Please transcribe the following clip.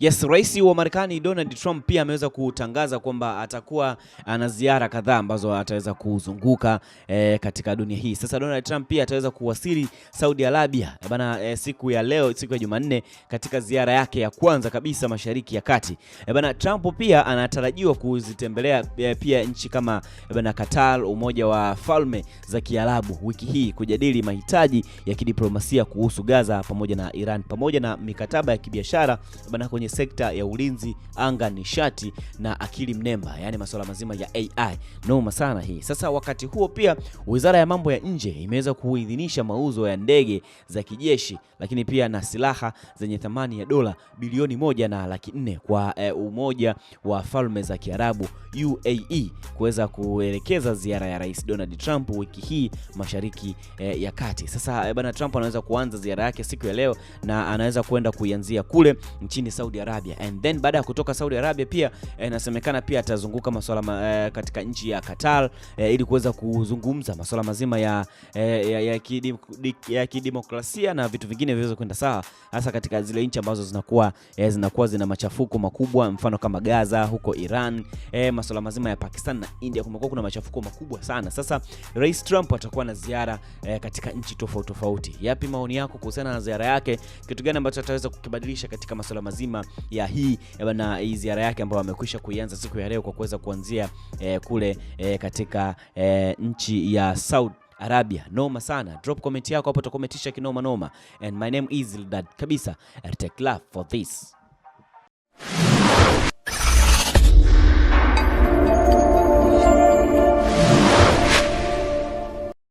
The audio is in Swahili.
Yes, Rais wa Marekani Donald Trump pia ameweza kutangaza kwamba atakuwa ana ziara kadhaa ambazo ataweza kuzunguka e, katika dunia hii. Sasa Donald Trump pia ataweza kuwasili Saudi Arabia eh, bana e, siku ya leo, siku ya Jumanne katika ziara yake ya kwanza kabisa Mashariki ya Kati. E, bana Trump pia anatarajiwa kuzitembelea e, pia nchi kama e, bana Qatar, Umoja wa Falme za Kiarabu wiki hii kujadili mahitaji ya kidiplomasia kuhusu Gaza pamoja na Iran pamoja na mikataba ya kibiashara bana kwenye kwenye sekta ya ulinzi, anga, nishati na akili mnemba, yaani masuala mazima ya AI. Noma sana hii. Sasa wakati huo pia Wizara ya Mambo ya Nje imeweza kuidhinisha mauzo ya ndege za kijeshi, lakini pia na silaha zenye thamani ya dola bilioni moja na laki nne kwa e, Umoja wa Falme za Kiarabu UAE kuweza kuelekeza ziara ya Rais Donald Trump wiki hii mashariki eh, ya kati. Sasa eh, bwana Trump anaweza kuanza ziara yake siku ya leo na anaweza kwenda kuianzia kule nchini Saudi Arabia and then baada ya kutoka Saudi Arabia pia eh, inasemekana eh, pia atazunguka masuala ma, eh, katika nchi ya Qatar eh, ili kuweza kuzungumza masuala mazima ya, eh, ya, ya, kidim, di, ya kidemokrasia na vitu vingine viweze kwenda sawa, hasa katika zile nchi ambazo zinakuwa eh, zinakuwa zina machafuko makubwa, mfano kama Gaza huko Iran, eh, masuala mazima ya Pakistan na India kumekuwa kuna machafuko makubwa sana. Sasa Rais Trump atakuwa na ziara eh, katika nchi tofauti tofauti. Yapi maoni yako kuhusiana na ziara yake? Kitu gani ambacho ataweza kukibadilisha katika masuala mazima ya hii eh, na hii ziara yake ambayo amekwisha kuianza siku ya leo kwa kuweza kuanzia eh, kule eh, katika eh, nchi ya Saudi Arabia. Noma sana. Drop comment yako hapo, utakometisha kinoma noma. And my name is Eldad kabisa. I take love for this.